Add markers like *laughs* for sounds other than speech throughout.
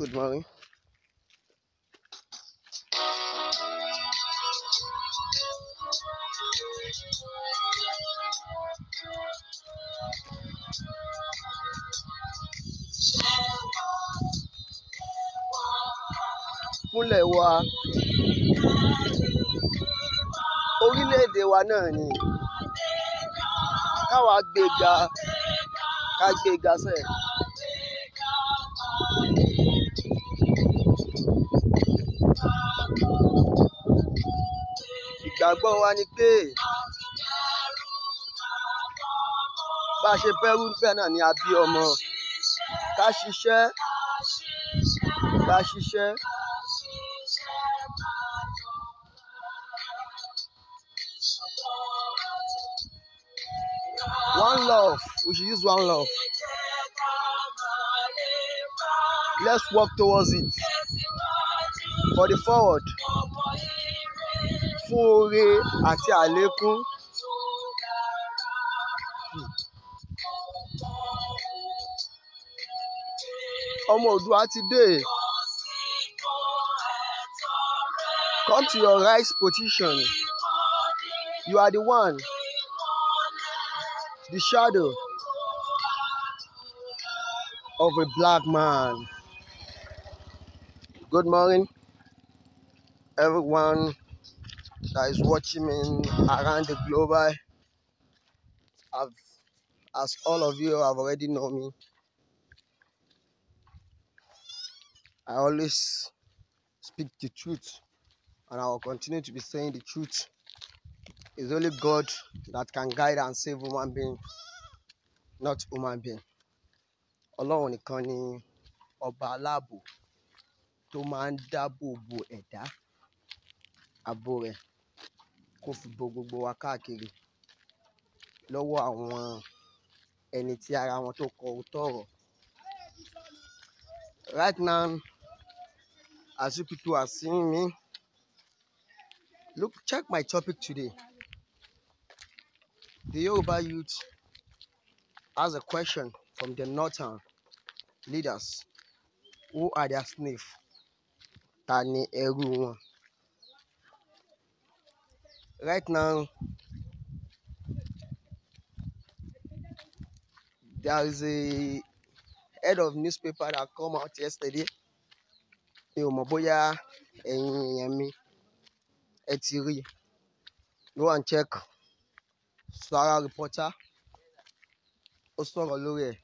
Good morning. fúnlẹ̀ wa orílẹ̀-èdè wa náà ni káwa gbéga ká gbéga sẹ́yìn. ìgbàgbọ́ wa ni pé bá a ṣe bẹ́rú bẹ́ẹ̀ náà ni a bí ọmọ ká ṣiṣẹ́ ká ṣiṣẹ́. One love. We should use one love. Let's work towards it. For the forward fún oore àti àlékún. ọmọ Oòduà ti dé. Come to your right position. You are the one, the shadow of a black man. Good morning, everyone. that is watching me around the globe. I've, as all of you have already know me, I always speak the truth and I will continue to be saying the truth. It's only God that can guide and save human being, not human being. Ọlọ́run nìkan ni ẹ̀dá àbò kó fi bo gbogbo wa káàkiri lọ́wọ́ àwọn ẹni tí ara wọn tó kọ òótọ́ ọ̀rọ̀. Right now, as you people are seeing me, look, check my topic today. The Yoruba youth has a question from the northern leaders who are their slave ta ni ẹrú wọn right now there is a head of newspaper that come out yesterday mi ò mọ̀ bóyá ẹ̀yin èèyàn mi ẹ ti rí go and check Sahara reporter ó sọ̀rọ̀ lórí ẹ̀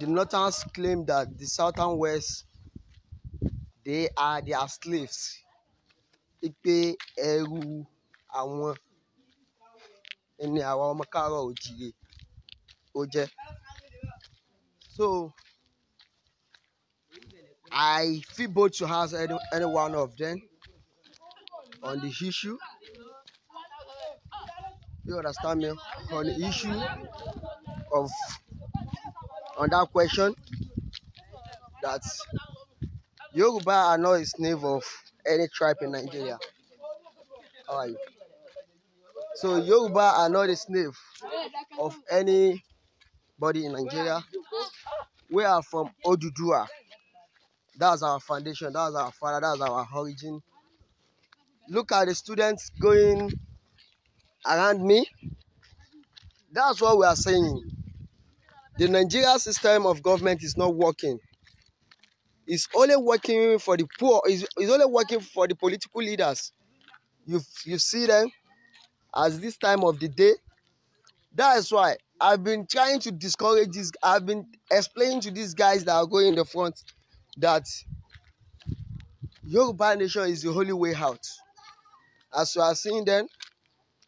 the northerns claim that the southern west they are their slaves ipe ẹrú àwọn ni àwa ọmọ káàárọ̀ oòjíire ó jẹ́. So I feel both to ask any, any one of them on the issue. You understand me? On the issue of on that question that Yoruba are not a slave of any tribe in Nigeria. How are you? So Yoruba are not a slave of anybody in Nigeria. We are from Odudua. That's our foundation, that's our father, that's our origin. Look at the students going around me. That's what we are saying. The Nigeria system of government is not working. It's only working for the poor, it's, it's only working for the political leaders. You, you see them, as this time of the day. That's why I've been trying to discourage this. I've been explaining to these guys that are going in the front that Yoruba nation is the holy way out. As you are seeing then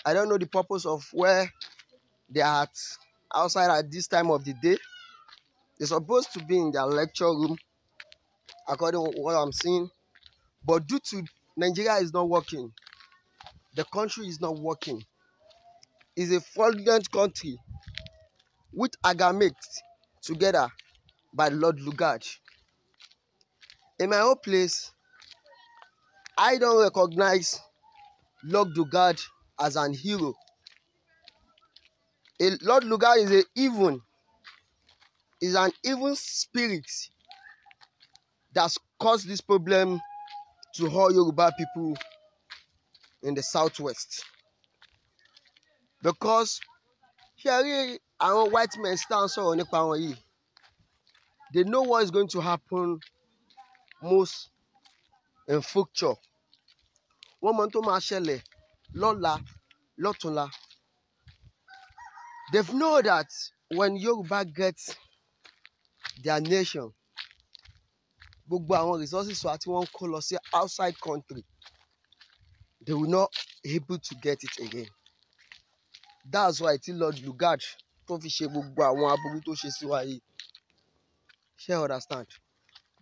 I don't know the purpose of where they are at outside at this time of the day. They're supposed to be in their lecture room, according to what I'm seeing. But due to Nigeria is not working, the country is not working. It's a fraudulent country which mixed together by Lord Lugard. In my own place, I don't recognize Lord Lugard as an hero. A Lord Lugard is a even, is an evil spirit that's caused this problem to all Yoruba people in the southwest because here, our white men stand so on the yìí they know what is going to happen most in future wọ́n mọ̀ tó máa ṣẹlẹ̀ lọ́la lọ́túnla they know that when Yoruba gets their nation gbogbo àwọn resources wa tí wọ́n ń kó lọ sí outside country they will not able to get it again that's why tí Lord Lugard tó fi ṣe gbogbo àwọn aburú tó ṣe sí wa yìí ṣe understand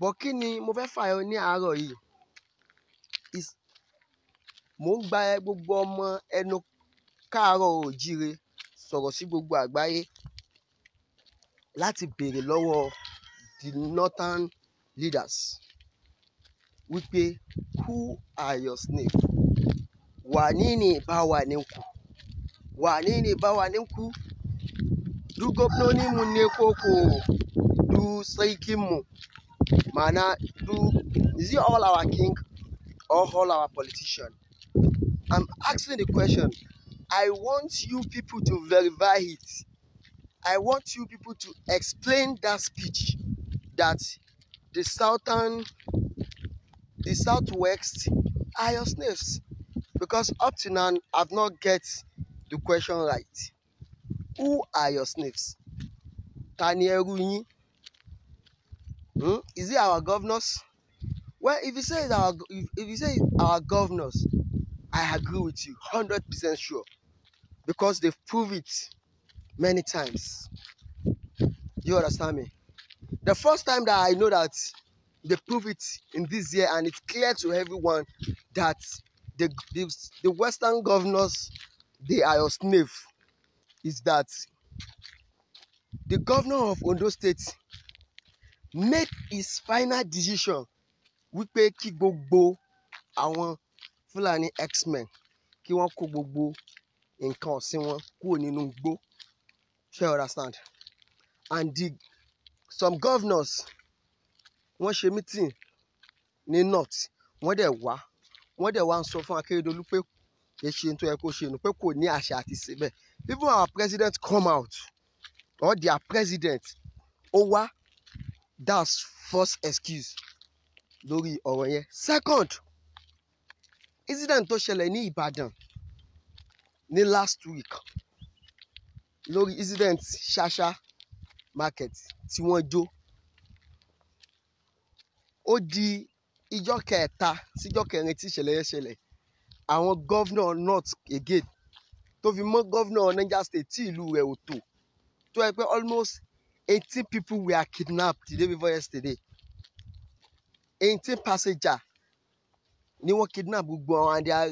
but kí ni mo fẹ́ fààyọ ní àárọ̀ yìí is mò ń gba gbogbo ọmọ ẹnu káàárọ̀ òjíire sọ̀rọ̀ sí gbogbo àgbáyé láti béèrè lọ́wọ́ the northern leaders wípé who are your snake wane ne bawaninku wane ne bawaninku du gwamnoninmu ne koko du tsaikinmu mana du is it all our king or all our politician i'm asking the question i want you people to verify it i want you people to explain that speech that the southern the southwest are because up to now I've not get the question right. Who are your snakes? Ta Hmm? Is it our governors? Well, if you say our if you say our governors, I agree with you, hundred percent sure, because they've proved it many times. You understand me? The first time that I know that they prove it in this year, and it's clear to everyone that the, the, the Western governors, they are your slave. Is that the governor of Ondo State made his final decision wípé kí gbogbo àwọn Fulani X-Men kí wọ́n kó gbogbo nǹkan ọ̀sìn wọn kúrò nínú igbó ṣé you understand and the some governors wọ́n ṣe meeting ní north wọ́n dẹ̀ wá wọ́n dẹ̀ wá ń sọ fún Akérédolú pé kì í ṣe tó yẹ kó ṣe nù pé kò ní àṣẹ àti ṣe bẹ́ẹ̀ even our president come out or their president ó wá that's first excuse lórí ọ̀rọ̀ yẹn second incident tó ṣẹlẹ̀ ní Ìbàdàn ní last week lórí incident ṣáṣá market tí wọ́n jó ó di ìjọ kẹta síjọ kẹrin tí ìṣẹ̀lẹ̀ yẹn ṣẹlẹ̀ àwọn gọ́vnọ̀ north again tó fi mọ́ gọ́vnọ̀ Niger State tí ìlú rẹ̀ ò tò tó yẹ pé almost eighteen people were kidnapped the day before yesterday eighteen passenger ni wọ́n kidnap gbogbo àwọn and they are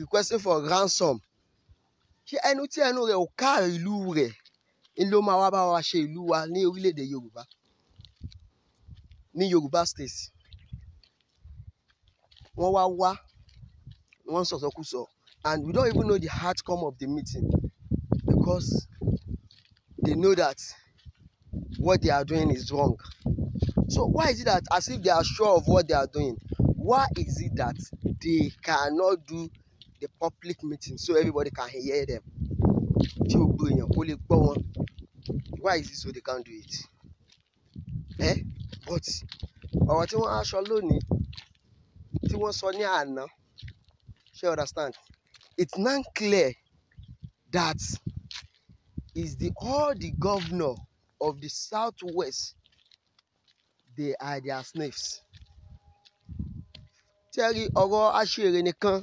requesting for ransom ṣé ẹnu tí ẹnu rẹ̀ ò ká ìlú rẹ̀ ló máa wá bá wa ṣe ìlú wa ní orílẹ̀-èdè Yorùbá ní Yorùbá state wọ́n wá wá wọ́n sọ̀sọ́kùsọ and we don't even know the outcome of the meeting because they know that what they are doing is wrong. So why is it that as if they are sure of what they are doing, why is it that they cannot do the public meeting so everybody can hear them? Tí o gbọ́ kó lè gbọ́ wọn. Why is it so they can't do it? Eh? But ọ̀rọ̀ tí wọ́n á lónìí wọ́n sọ ní àná ṣé understand it's now clear that is the all the governor of the southwest they are their slaves tẹ́rí ọ̀rọ̀ aṣèrè nìkan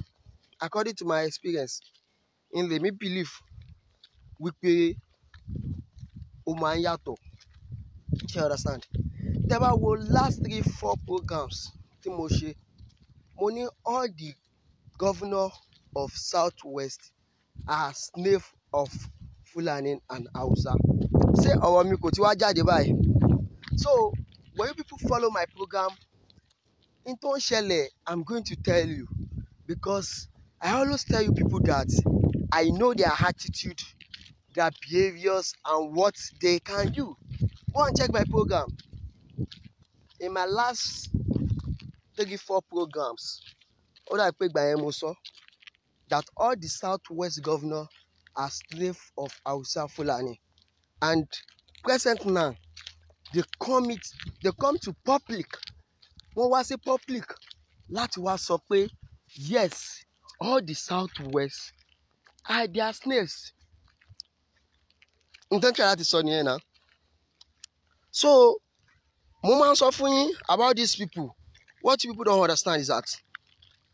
according to my experience in lèmi believe wípé ó máa ń yàtọ̀ ṣé understand tẹ́ bá wo last three four programs tí mo ṣe mo ní all the governor of southwest are slave of Fulani and Hausa ṣé ọ̀rọ̀ mi kò ti wá jáde báyìí so when you people follow my program n tó ń ṣẹlẹ̀ i'm going to tell you because i always tell you people that i know their attitude their behaviours and what they can do go and check my program in my last three four programs ó dàbí pé ìgbà yẹn mo sọ that all the south west governors are slaves of Hausa Fulani and present now they come it they come to public wọ́n wá sí public láti wá sọ pé yes all the south west are their slaves nǹkan tí a láti sọ nìyẹn náà so mo máa ń sọ fún yín about these people What you people don't understand is that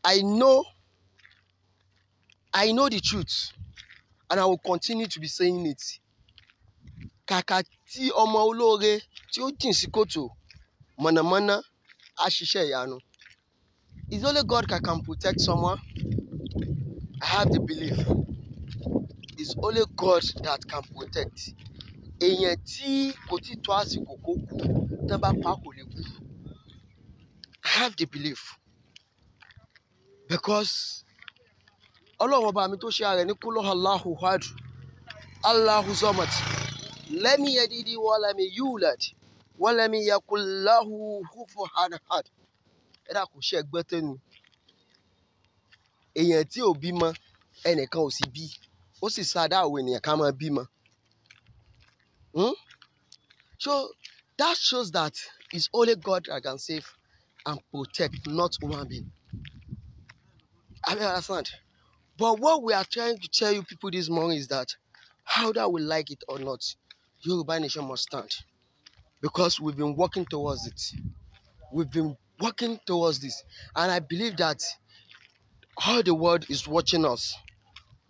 I know, I know the truth, and I will continue to be saying it. Kàkà tí ọmọ olóore tí ó jìn sí kòtò mọ̀nàmọ́ná á ṣiṣẹ́ ìyanu. It's only God that can protect someone. I have the belief. It's only God that can protect. Èèyàn tí kò tí tó àsìkò kó kú tán bá pa kò lè have the belief because ọlọ́run ọba mi tó ṣe ààrẹ ní kúlọ́ aláhu hadu aláhu sọmọt lẹ́mí yẹdídí wọ́lẹ́mí yúlẹ̀d wọ́lẹ́mí yakuláhu húfọ́ hanahad ẹ dà kò ṣe ẹgbẹ́ tẹ́nu èèyàn tí ò bímọ ẹnìkan ò sì bí ó sì sáadá àwọn ènìyàn ká máa bímọ. Hmm? So that shows that it's only God that can save. and protect, not human being. I mean, understand. But what we are trying to tell you people this morning is that how that we like it or not, Yoruba Nation must stand. Because we've been working towards it. We've been working towards this. And I believe that all the world is watching us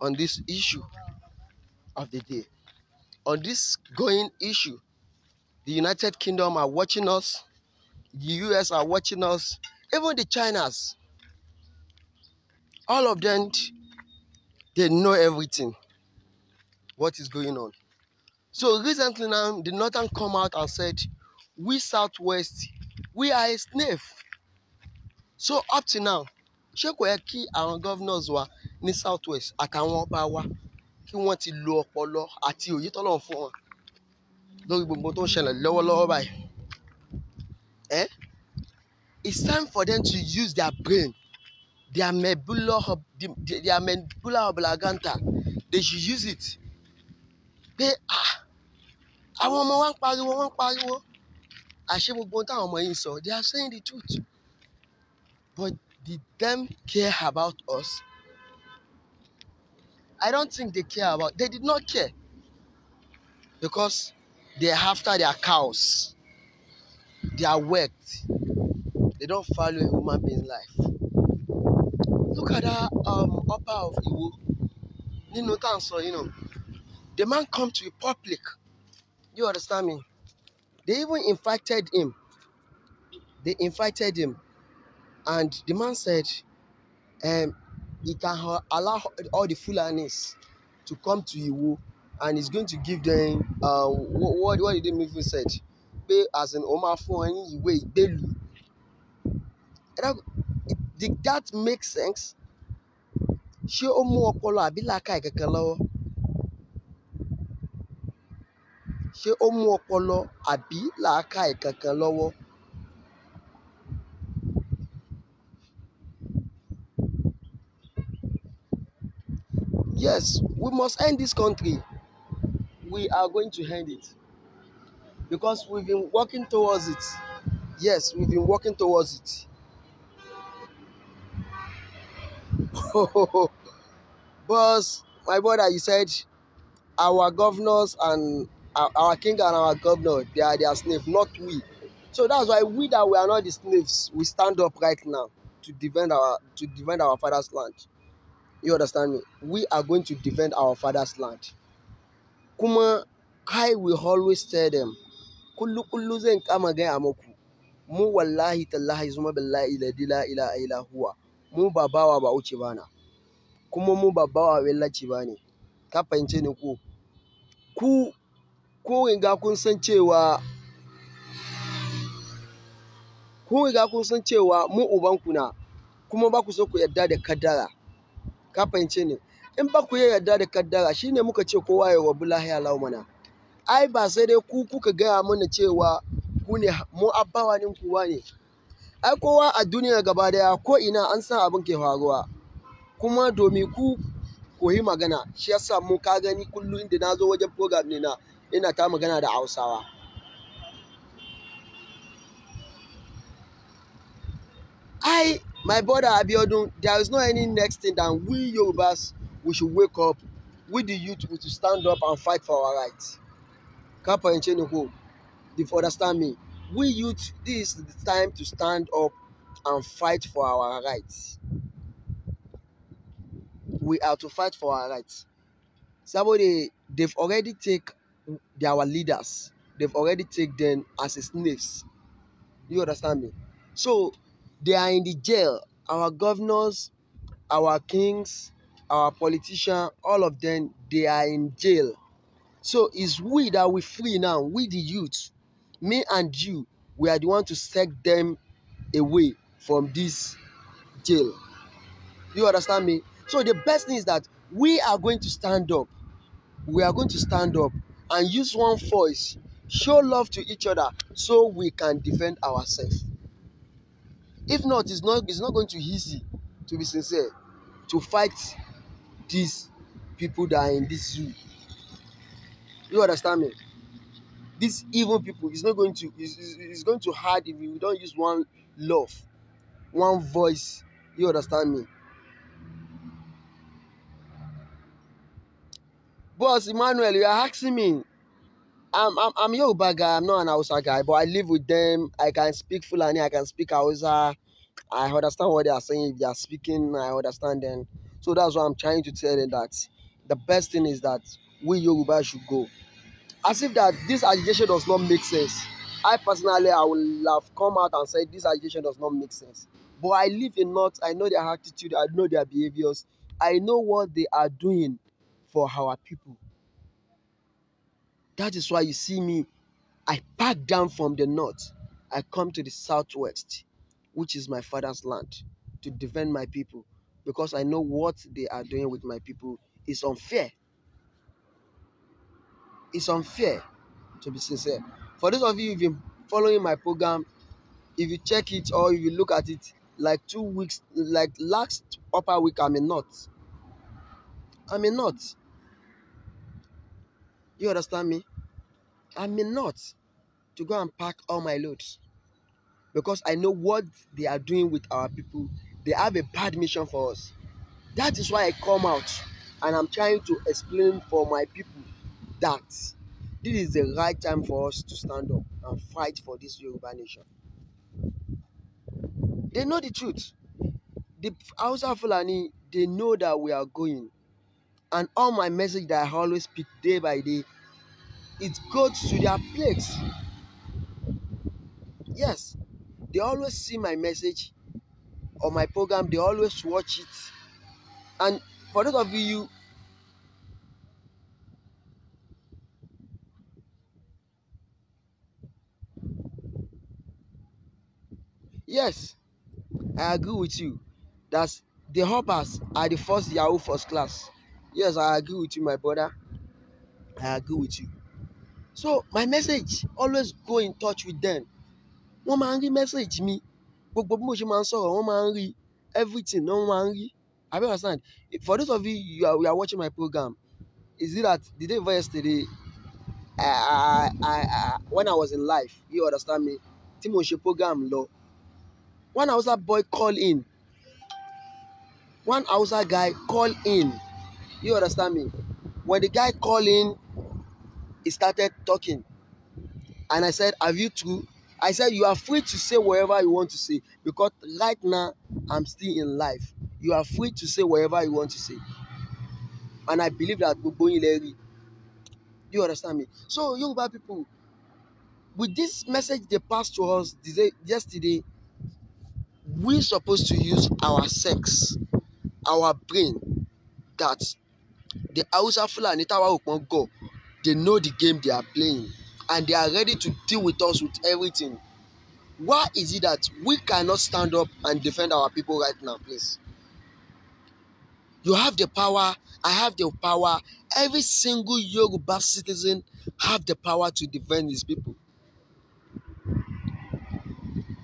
on this issue of the day. On this going issue, the United Kingdom are watching us. the US are watching us, even the Chinas. All of them, they know everything, what is going on. So recently now, the Northern come out and said, we Southwest, we are a sniff. So up to now, ṣé kò yẹ kí àwọn governors wa ní Southwest àtàwọn ọba wa kí wọ́n ti lo ọpọlọ àti òye tọ́lọ̀ fún wọn lórí gbogbo tó ń ṣẹlẹ̀ lọ́wọ́lọ́wọ́ báyìí eh, it's time for them to use their brain, their medulla, their medulla oblongata. They should use it. Pé ah, àwọn ọmọ wa ń pariwo, wọ́n ń pariwo. Àṣé gbogbo ohun táwọn ọmọ yìí ń sọ, they are saying the truth. But did them care about us? I don't think they care about, they did not care because they after their cows. They are worked. they don't value a human being life look at that um, upper of Iwo nínú tá à You know, the man come to the public you understand me they even invited him they invited him and the man said um, he can allow all the Fulanis to come to Iwo and he's going to give them uh, what, what, what did the movie said As àsìn òun máa fún ọ ní ìwé ìgbélú did that make sense ṣé ó mú ọpọlọ àbí làákàyè kankan lọ́wọ́ ṣé ó mú ọpọlọ àbí làákàyè kankan lọ́wọ́. Yes, we must end this country. We are going to end it. because we've been working towards it. Yes, we've been working towards it. *laughs* Boss, my brother, you said our governors and our, our king and our governor, they are their slaves, not we. So that's why we that we are not the slaves, we stand up right now to defend our to defend our father's land. You understand me? We are going to defend our father's land. Kuma, I will always tell them kullu kullu zan kama gaya maku mu wallahi tallahi zuma billahi la ila ila huwa mu babawa ba uce bana kuma mu babawa bawa bane ka fahimce ni ko ku ko riga kun san cewa ku riga kun san cewa mu ku na kuma ba ku so ku yadda da kaddara ka fahimce ni in ba ku yarda da kaddara shine muka ce kowa ya rabu lahiya laumana ai ba sai dai ku kuka gaya mana cewa ku ne mu ne kuwa ne ai kowa a duniya gaba daya ko ina an san abin ke faruwa kuma domin ku koyi magana shi yasa mu ka gani kullum inda na zo wajen program ne na ina ta magana da hausawa ai my brother abiodun there is no any next thing than we yorubas we should wake up we the youth we should stand up and fight for our rights Capa, and ni ko if understand me we youth this is the time to stand up and fight for our rights we are to fight for our rights somebody they've already take our leaders they've already take them as slaves you understand me so they are in the jail our governors our kings our politicians all of them they are in jail so it's we that we free now, we the youth, me and you, we are the one to take them away from this jail. You understand me? So the best thing is that we are going to stand up. We are going to stand up and use one voice, show love to each other so we can defend ourselves. If not, it's not it's not going to be easy, to be sincere, to fight these people that are in this zoo you understand me? These evil people is not going to is going to hard if we don't use one love, one voice. You understand me? Boss Emmanuel, you are asking me. I'm I'm I'm Yoruba guy. I'm not an Hausa guy, but I live with them. I can speak Fulani. I can speak Hausa. I understand what they are saying. If they are speaking, I understand them. So that's why I'm trying to tell them that the best thing is that we Yoruba should go as if that this allegation does not make sense. I personally, I would have come out and said this allegation does not make sense. But I live in North. I know their attitude. I know their behaviors. I know what they are doing for our people. That is why you see me. I pack down from the north. I come to the southwest, which is my father's land, to defend my people because I know what they are doing with my people is unfair. It's unfair, to be sincere. For those of you who've been following my program, if you check it or if you look at it, like two weeks, like last upper week, I'm a nut. I'm a nut. You understand me? I'm a nut to go and pack all my loads because I know what they are doing with our people. They have a bad mission for us. That is why I come out and I'm trying to explain for my people that this is the right time for us to stand up and fight for this Yoruba nation. They know the truth. The Hausa Fulani, they know that we are going. And all my message that I always speak day by day, it goes to their place. Yes, they always see my message or my program, they always watch it. And for those of you Yes, I agree with you that the hoppers are the first Yahoo first class. Yes, I agree with you, my brother. I agree with you. So, my message always go in touch with them. Wọ́n máa angry message me, Gbogbo bí mo ṣe máa ń everything no angry. máa I understand. For those of you, you are, you are watching my program, is it that the day before yesterday, I, I, I, I, when I was in life, you understand me, tí program lọ. One Hausa boy call in. One Hausa guy call in. You understand me? When the guy call in, he started talking. And I said, Have you two? I said, You are free to say whatever you want to say because right now I'm still in life. You are free to say whatever you want to say. And I believe that Do you understand me? So, bad people, with this message they passed to us yesterday, we supposed to use our sex our brain that the hausa fulani tawa okpon go they know the game they are playing and they are ready to deal with us with everything why is it that we cannot stand up and defend our people right now please you have the power i have the power every single yoruba citizen have the power to defend his people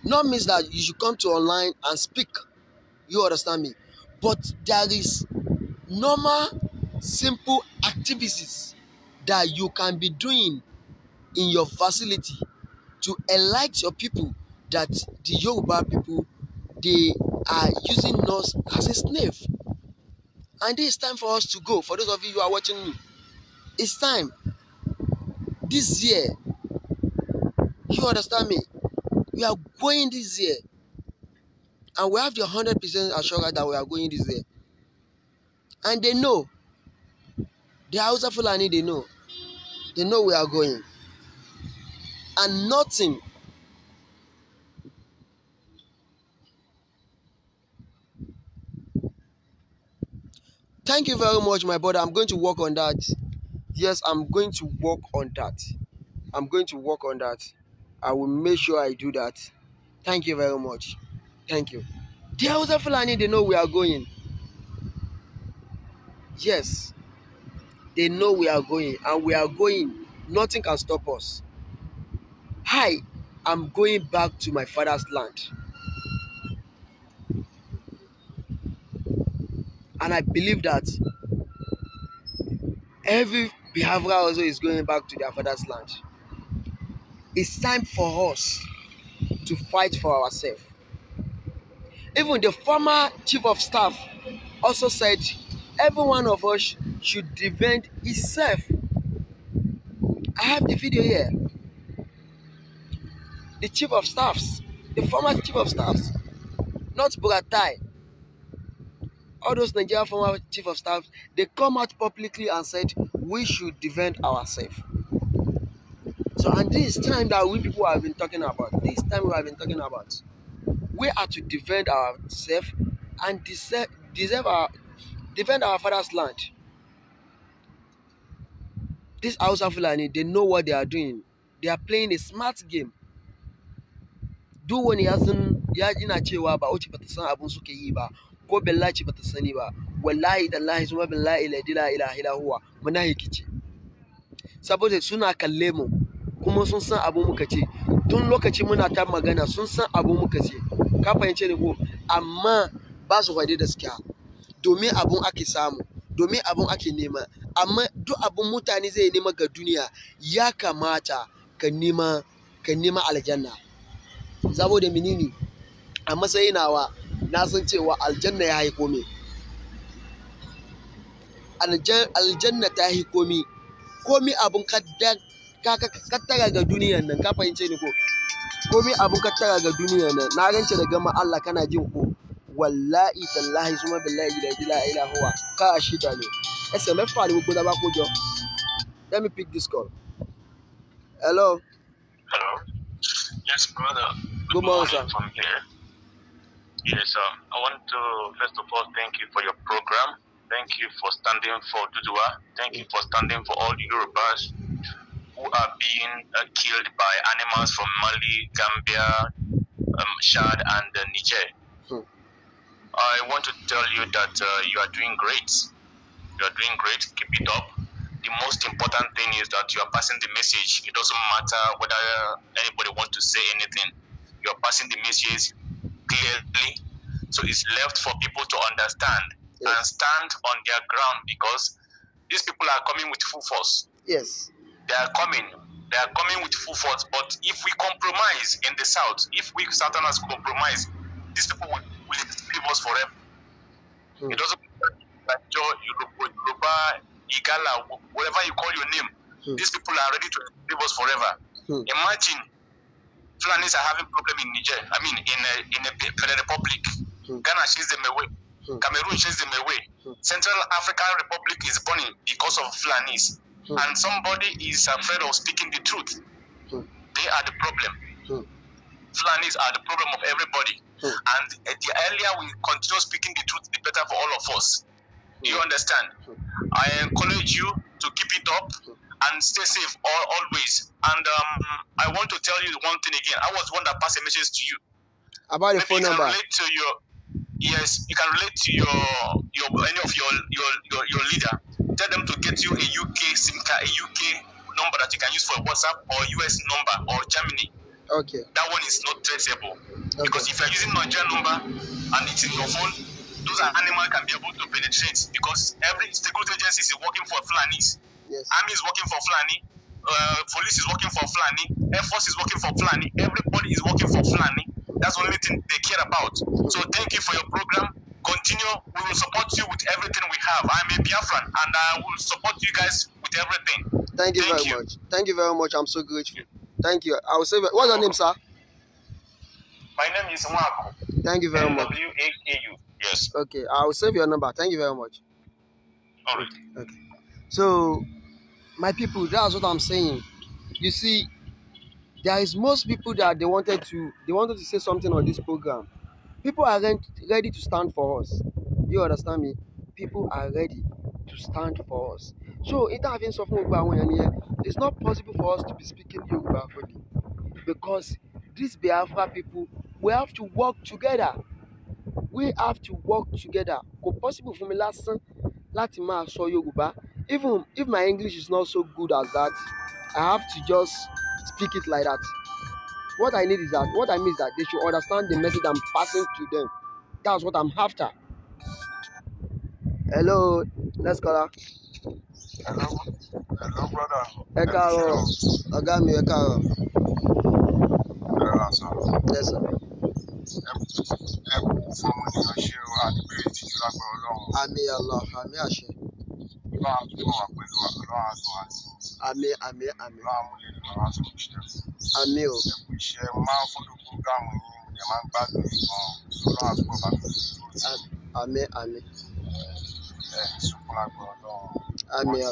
not means that you should come to online and speak you understand me but there is normal simple activities that you can be doing in your facility to enlight your people that the yoruba people they are using us as a slave and it is time for us to go for those of you who are watching me it's time this year you understand me We are going this year. And we have the 100% assurance that we are going this year. And they know. The of Fulani, they know. They know we are going. And nothing thank you very much my brother i'm going to work on that yes i'm going to work on that i'm going to work on that I will make sure I do that. Thank you very much. Thank you. The Hausa Fulani, they know we are going. Yes, they know we are going, and we are going. Nothing can stop us. Hi, I'm going back to my father's land. And I believe that every behavioral also is going back to their father's land. It's time for us to fight for ourselves. Even the former chief of staff also said every one of us should defend itself." I have the video here. The chief of staffs, the former chief of staffs, not Bogatai, all those Nigerian former chief of staffs, they come out publicly and said we should defend ourselves. So, and this time that we people have been talking about, this time we have been talking about, we are to defend ourselves and deserve, deserve our, defend our father's land. This Hausa Fulani, they know what they are doing. They are playing a smart game. Duk wani ya san ya ina cewa ba wuce bata san abin suke yi ba ko billahi bata sani ba wallahi tallahi suma billahi la ilaha illa huwa munafiki ce saboda suna kalle mu kuma sun san abu muka ce tun lokaci muna ta magana sun san abu muka ce ka fahimce ni ko amma ba su faɗi gaskiya domin abun ake samu domin abun ake nema amma duk abun mutane zai nema ga duniya ya kamata ka nema ka nema aljanna saboda menene a matsayi nawa na san cewa aljanna ya haiko me aljanna ta haiko me komi abun ka ka ka tara ga duniyar nan ka fahimce ni ko komai abu ka tara ga duniyar nan na rance da gama Allah kana jin ko wallahi tallahi suma billahi la ilaha illa huwa ka ashida ni ẹsẹ̀ mẹ́fà ni gbogbo dábàá kó jọ let me pick this call hello. hello yes brother good, morning, morning from here yes sir i want to first of all thank you for your program thank you for standing for Dudua thank you for standing for all the Yorubas who are being uh, killed by animals from Mali, Gambia, um, Chad, and uh, Niger. Hmm. I want to tell you that uh, you are doing great. You are doing great. Keep it up. The most important thing is that you are passing the message. It doesn't matter whether uh, anybody wants to say anything. You are passing the message clearly. So it's left for people to understand yes. and stand on their ground because these people are coming with full force. Yes. They are coming. They are coming with full force. But if we compromise in the south, if we Southerners compromise, these people will, will leave us forever. Hmm. It doesn't matter Yoruba, Igala, whatever you call your name. Hmm. These people are ready to leave us forever. Hmm. Imagine Fulanis are having problem in Niger. I mean, in a, uh, in a, republic. Ghana chased them away. Cameroon chased them away. Central African Republic is burning because of Fulanis. Hmm. and somebody is afraid of speaking the truth, hmm. they are the problem. Hmm. Fulanis are the problem of everybody. And the earlier we continue speaking the truth, the better for all of us. you understand? I encourage you to keep it up and stay safe all, always. And um, I want to tell you one thing again. I was one that passed a message to you about the phone number. Relate to your, yes, you can relate to your your any of your your your, your leader. Tell them to get you a UK SIM card, a UK number that you can use for WhatsApp or US number or Germany. Okay. That one is not traceable. Okay. Because if you're using Nigerian number and it's in your phone, those animals can be able to penetrate because every security agency is working for Fulanis. Yes. Army is working for Flani. Uh, police is working for Flani. Air Force is working for Flani. Everybody is working for Flani. That's the only thing they care about. So thank you for your program. continue. We will support you with everything we have. I'm a Biafran, and I will support you guys with everything. Thank you Thank very you. much. Thank you very much. I'm so grateful. Thank you. I will say, what's your name, sir? My name is Marco. Thank you very much. W A K U. Yes. Okay, I will save your number. Thank you very much. All right. Okay. So, my people, that's what I'm saying. You see, there is most people that they wanted to they wanted to say something on this program, People are ready to stand for us. You understand me? People are ready to stand for us. So, ìta àfi ń sọ fún gbogbo it's not possible for us to be speaking Yoruba for fully because these Biafra people, we have to work together. We have to work together. Kò possible for me last lásán láti máa sọ Yoruba, Even if my English is not so good as that, I have to just speak it like that. What I need is that, what I mean is that they should understand the message I'm passing to them. That's what I'm after. Hello, let's next caller. Hello, hello, brother. Ẹ káàárọ̀, ọ̀gá mi ẹ káàárọ̀. Ẹ rà sọ. Yes sir. Ẹ kú fún ọmọ ènìyàn ṣe àdúgbò ìtìjú lágbára Ọlọ́run. Àmì àlọ́, àmì àṣẹ. Àmín, àmín, àmín. Àmín o. Àmín, àmín. Àmín o.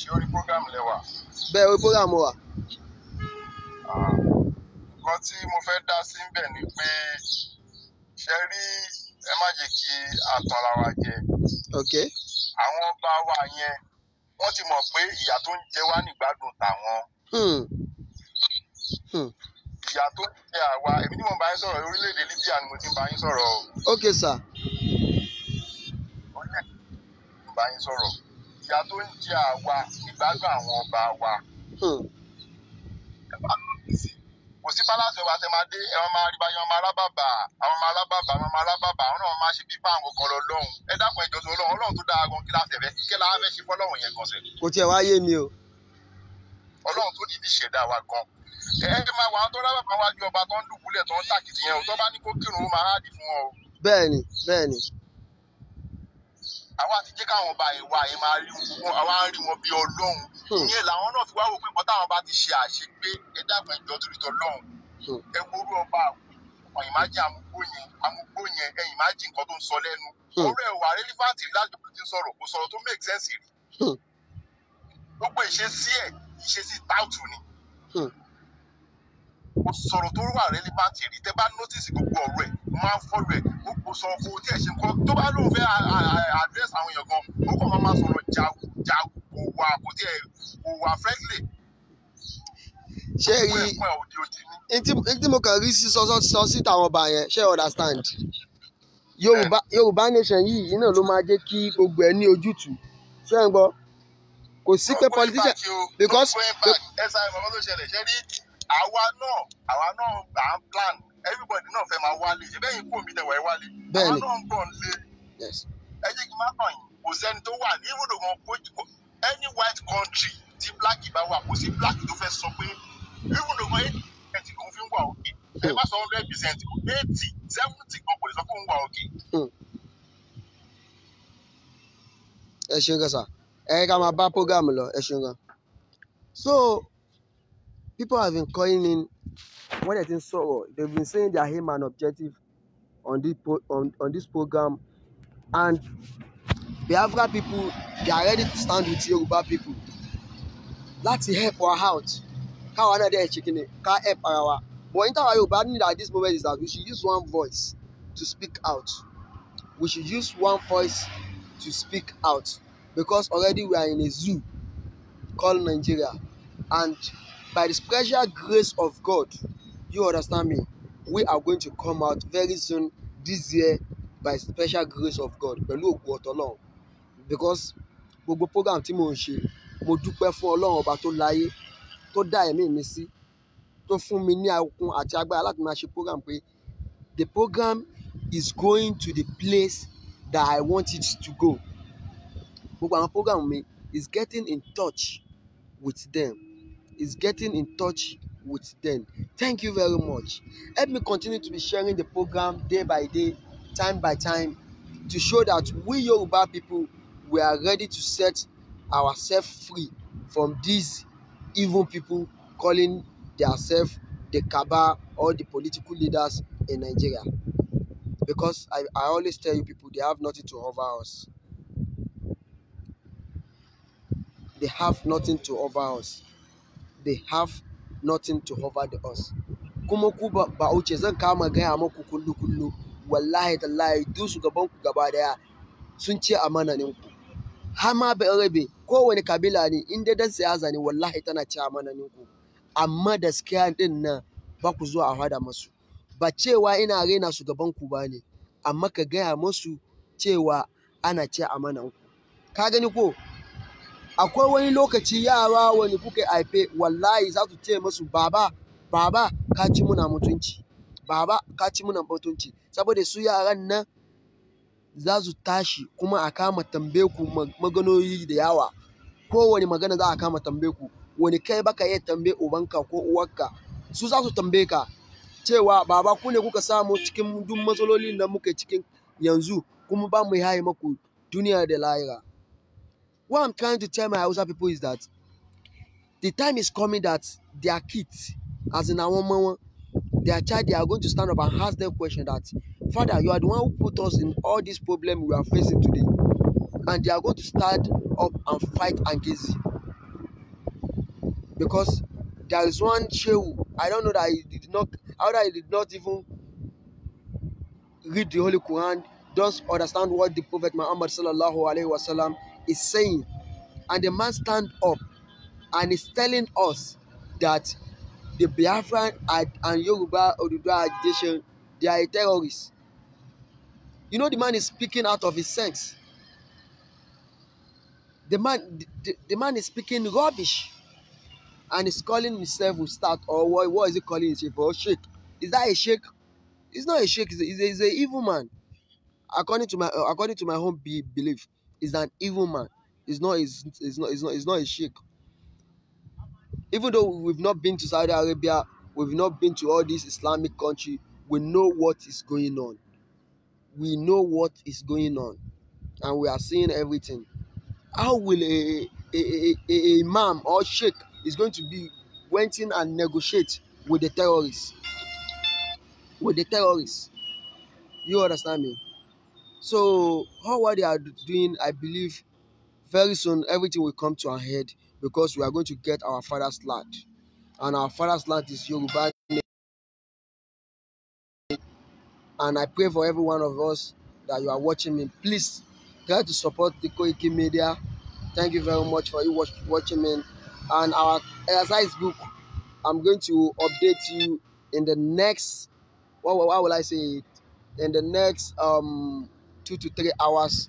Ṣé orí program lẹ wà? Bẹ́ẹ̀ orí program wà. Nǹkan tí mo fẹ́ dá sí bẹ̀ ni pé ṣe rí ẹ má jẹ́ kí a wa jẹ bàbá wa yẹn wọ́n ti mọ̀ pé ìyà tó ń jẹ wá nígbádùn tàwọn. Hmm. Hmm. ìyà tó ń jẹ àwa èmi ni mo bá yín sọ̀rọ̀ orílẹ̀-èdè Libya ni mo ti bá yín sọ̀rọ̀ ok sir. orílẹ̀-èdè mo bá yín sọ̀rọ̀ ìyà tó ń jẹ àwa nígbádùn àwọn ọba wa. Hmm. ẹ bá kò sí balance wa tẹ máa dé ẹwọn máa rí báyọ ọmọ alábàbà àwọn ọmọ alábàbà àwọn ọmọ alábàbà àwọn náà máa ṣe bí bá àwọn kan lọ lọ́hùn ẹ dákun ẹjọ tó lọ́hùn Ọlọ́run tó dáa gan kí la fẹfẹ kí la fẹ ṣe fọ́lọ́run yẹn gan sẹ. kò tiẹ̀ wá yé mi o. Ọlọ́run tó dìbí ṣẹ̀dá wa gan ẹ ẹ máa wà á tó rábàbà wájú ọba tó ń dùbúlẹ̀ tó ń tàkìtì yẹn o tó bá ní kó kírun ó máa hádìí fún ọ. bẹ́ẹ̀ni bẹ́ẹ̀ni àwa ti káwọn ọba ìwà yìí máa rí wọn àwa ọlọ́run hmm. ìyẹn làwọn náà fi wá wò pé nǹkan táwọn bá ti ṣe àṣegbé ẹ dàgbà torí tọlọ́run hmm. ẹ morú ọba àwọn ìmájì amúgbó yẹn amúgbó yẹn nǹkan tó ń sọ lẹ́nu hmm. ọ̀rọ̀ ẹwà rẹlífàtì lájọ ti ń sọ̀rọ̀ kò sọ̀rọ̀ tó make sense rí gbogbo ìṣesí ẹ ìṣesí kò sọ̀rọ̀ tó wà rẹ́líbáǹtì rí tẹ́ bá nọ́tìsì gbogbo ọ̀rọ̀ ẹ̀ máa ń fọ́lọ̀ ẹ̀ gbogbo sọ fún tí ẹ̀ ṣe ń kọ́ tó bá lóun fẹ́ àdírẹ́sì àwọn èèyàn gan ó kàn máa sọ̀rọ̀ jàù jàù kò wà kò tí ẹ̀ kò wà friendly. ṣé rí i tí mo kàn rí sísọ sọ síta àwọn ọba yẹn ṣé understand yorùbá yorùbá nation yìí iná ló máa jẹ́ kí gbogbo ẹ̀ ní ojútùú ṣé ń gbọ́ kò sí pé politician because. ẹ sáré bàbá tó ṣẹlẹ̀ ṣe rí àwa náà àwa náà à ń plan everybody náà fẹ́ máa wálé ṣe bẹ́ẹ̀ yín kú omi tẹ̀wọ̀ ẹ wálé àwa náà ń bọ̀ ń lé ẹ jẹ́ kí n má tàn yín kò sẹ́ni tó wà ní ibùdó wọn kó any white country tí black bá wà kò sí black tó fẹ́ sọ pé ibùdó wọn eighty percent lòún fi ń wà òkè ẹ má sọ hundred percent eighty seventy kan kò lè sọ pé òun wà òkè. Hmm. ẹ ṣeun gan sa ẹ ká máa bá program lọ ẹ ṣeun gan so people have been calling in wọ́n dẹ̀ think so sọ̀rọ̀ they been saying their aim and objective on this pro on, on this program and the Biafra people they are ready to stand with Yoruba people láti help wa out How another dẹ̀ ṣe kíni help our wa but in tàwa Yoruba need at this moment is that we should use one voice to speak out we should use one voice to speak out because already we are in a zoo called Nigeria and by the special grace of God, you understand me, we are going to come out very soon this year by special grace of God pẹ̀lú ògùn ọ̀tọ̀ náà because gbogbo program tí mo ń ṣe mo dúpẹ́ fún ọlọ́run ọba tó láyé tó dá ẹ̀mí mi sí tó fún mi ní okun àti agbára láti máa ṣe program pé the program is going to the place that I want it to go gbogbo àwọn program mi is getting in touch with them is getting in touch with them. Thank you very much. Help me continue to be sharing the program day by day, time by time, to show that we Yoruba people we are ready to set ourselves free from these evil people calling themselves the cabal or the political leaders in Nigeria. Because I, I always tell you people they have nothing to offer us. They have nothing to offer us. they have nothing to hover the us kuma ku ba wuce zan kama gaya maku kullu kullu wallahi tallahi duk shugaban ku gaba ɗaya sun ce amananin ku har ma ba rabe kowane kabila ne in dai dan siyasa ne wallahi tana ce amananin ku amma da skiya din nan ba ku zuwa a hada masu ba cewa ina raina shugaban ku ba amma ka gaya masu cewa ana ce amanan ku ka gani ko akwai wani lokaci yara wani kuka haife wallahi za su ce masu baba baba ka ci muna mutunci baba ka ci muna mutunci saboda su yaran nan za su tashi kuma a kama tambaye ku maganoyi da yawa kowane magana za a kama tambaye ku wani kai baka iya tambaye ubanka ko uwarka su za su tambaye ka cewa baba ku ne kuka samu cikin duk matsalolin da muke cikin yanzu kuma ba mu yaye maku duniya da lahira What I'm trying to tell my Hausa people is that the time is coming that their kids, as in our ọmọ their child, they are going to stand up and ask them question that, Father, you are the one who put us in all this problem we are facing today. And they are going to stand up and fight against you. Because there is one Shehu, I don't know that he did not, how that he did not even read the Holy Quran, does understand what the Prophet Muhammad sallallahu alaihi wasallam is saying, and the man stand up and is telling us that the Biafran and Yoruba Oduduwa agitation, they are terrorists. You know, the man is speaking out of his sense. The man, the, the man is speaking rubbish and is calling himself a start or what, what is he calling himself? Or Sheikh? Is that a Sheikh? It's not a Sheikh, he's an evil man. According to my, according to my own belief, is an evil man. It's not his, not it's not it's not a sheikh. Even though we've not been to Saudi Arabia, we've not been to all these Islamic country, we know what is going on. We know what is going on, and we are seeing everything. How will a a, a, a, a imam or sheikh is going to be went in and negotiate with the terrorists? With the terrorists, you understand me? So, how what they are doing, I believe very soon everything will come to a head because we are going to get our father's land. And our father's land is Yoruba. And I pray for every one of us that you are watching me. Please try to support the Koiki Media. Thank you very much for you watch, watching me. And our exercise book, I'm going to update you in the next, what, what will I say? In the next um, two to three hours,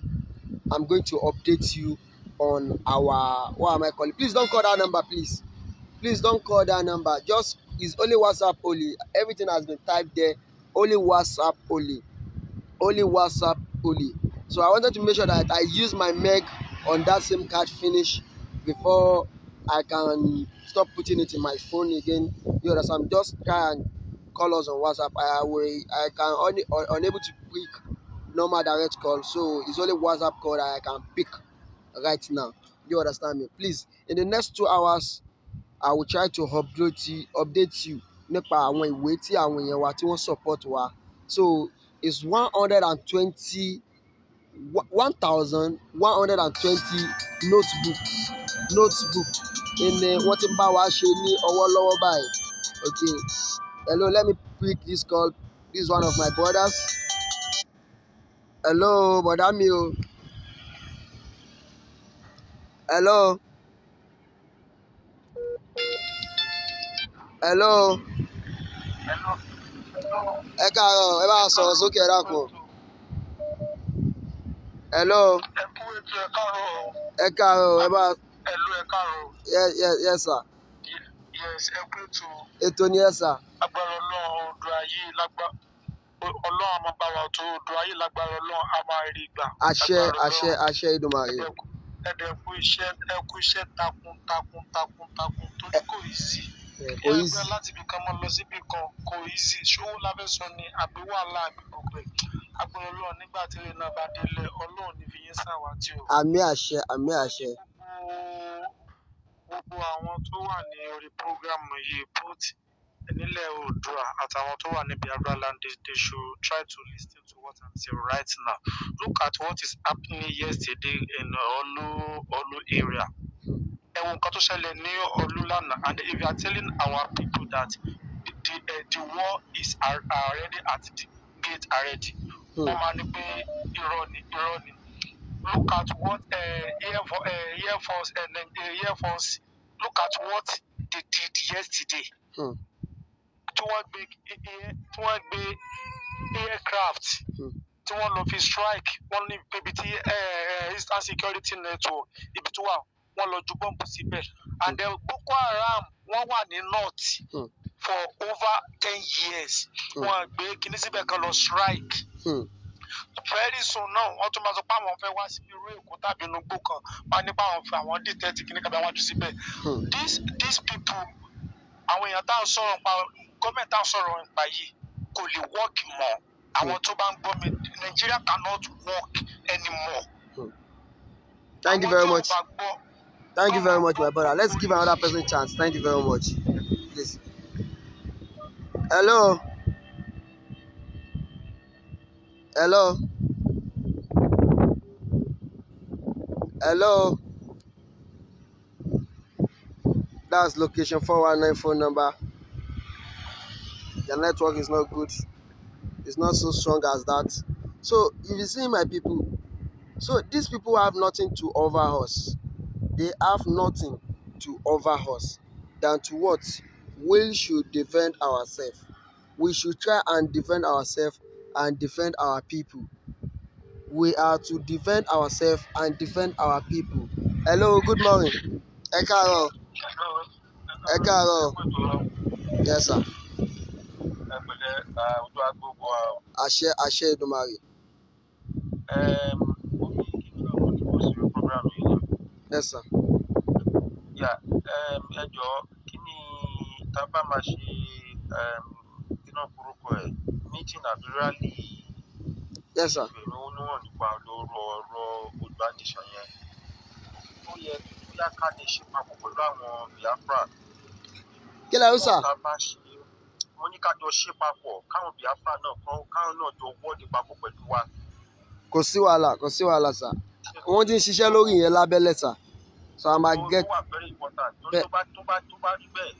I'm going to update you on our what am I calling? Please don't call that number, please. Please don't call that number. Just it's only WhatsApp only. Everything has been typed there. Only WhatsApp only. Only WhatsApp only. So I wanted to make sure that I use my Meg on that same card finish before I can stop putting it in my phone again. You understand? just try and call us on WhatsApp. I will I can only unable to pick normal direct call so it's only whatsapp call that i can pick right now you understand me please in the next two hours i will try to update you update you nípa àwọn ìwé tí àwọn èèyàn wa tí wọ́n support wa so it's one hundred and twenty one thousand one hundred and twenty notebook notebook ni wọ́n ti ń bá wa ṣe ní ọwọ́lọ́wọ́ báyìí okay hello let me pick this call this is one of my brothers hello bọ̀dá mi o hello hello ẹ káàárọ̀ ẹ bá sọ̀rọ̀ sókè ẹ dákun hello ẹ káàárọ̀ ẹ bá. hello ẹ yes yes yes sir. yes ẹ kú ètò. ètò ni yes sir. agbára Ọlọ́run ọdún ayé lágbá pé ọlọ́run àmọ́ bá wa tó do ayé lágbára ọlọ́run a máa rí gbà. àṣẹ àṣẹ àṣẹ Èdùmàrè. ẹ̀dẹ̀ kú iṣẹ́ ẹ kú iṣẹ́ takun takun takun takun torí kò í sí. kò í sí. ẹgbẹ́ láti ibì mọ́ lọ sí kan kò í sí ṣòwò lábẹ́sọ ni àbí wàhálà àbí gbogbo ẹ̀ agbára ọlọ́run nígbà tí ilé náà bá délé ọlọ́run ní fi yín ṣàwátì o. àmì àṣẹ àmì àṣẹ gbogbo àwọn tó wà ní orí nílẹ̀ oòdùà àtàwọn tó wà ní biafra land they, they should try to lis ten to what i'm saying right now look at what is happening yesterday in olu olu area ẹ wo nǹkan tó ṣẹlẹ̀ ní olu lánàá and if you are telling our people that the uh, the war is already at the gate already hmm. wọ́n máa ní pé irọ́ ni irọ́ ni look at what uh, air, for, eh, air force uh, air force look at what they did yesterday. Hmm tí wọ́n gbé tí wọ́n gbé aircraft hmm. tí wọ́n lọ fi strike wọ́n ní ibi tí Eastern Security Network ibi tó wà wọ́n lọ ju bọ́ǹbù síbẹ̀ hmm. and then Boko Haram wọ́n wà ní north hmm. for over ten years wọ́n gbé kinní síbẹ̀ kan lọ strike. very soon náà wọ́n tún máa sọ pé àwọn fẹ́ wá sí irú èkó tàbí inúgbó kan wá nípa àwọn fẹ́ àwọn dìtẹ́ ti kíní kan bí wọ́n jù síbẹ̀. these these people àwọn èèyàn tá a sọ̀rọ̀ pa gọ́ọ̀mẹ̀ntì à nípa yìí kò lè work mọ́ àwọn tó bá ń gbọ́ mi Nigeria cannot work anymore. Thank you very much. Thank you very much, my brother. Let's give another person chance. Thank you very much. Please. Hello. Hello. Hello. That's location four one nine phone number. their network is not good it's not so strong as that so if you see my people so these people have nothing to over us they have nothing to over us than to what we should defend ourselves we should try and defend ourselves and defend our people we are to defend ourselves and defend our people hello good morning ẹ káàárọ̀ yes sir. ẹ pẹ̀lẹ́ ojú agbógun wa o. àṣẹ àṣẹ Èdùmàrè. mo ní kí n lọ ní mo sì rí program yìí. ẹ sàn. yà ẹ jọ kí ni tá máa ṣe iná burúkú ẹ meeting àbí rally. ẹ sàn. ìbẹ̀rù oníwọ̀n nípa lọ́rọ̀ ọ̀rọ̀ olùbánisọ̀ yẹn. ó yẹ kí bóyá ká lè ṣe papọ̀ pẹ̀lú àwọn Biafra. kí lè ń sà wọ́n ní ká jọ ṣe papọ̀ káwọn biafra náà kan káwọn náà jọ wọ́ọ̀dì papọ̀ pẹ̀lú wa. kò sí wàhálà kò sí wàhálà sà wọ́n ti ń ṣiṣẹ́ lórí yẹn lábẹ́lẹ̀ sà so a máa get. owó wà very important tó bá tó bá rí bẹ́ẹ̀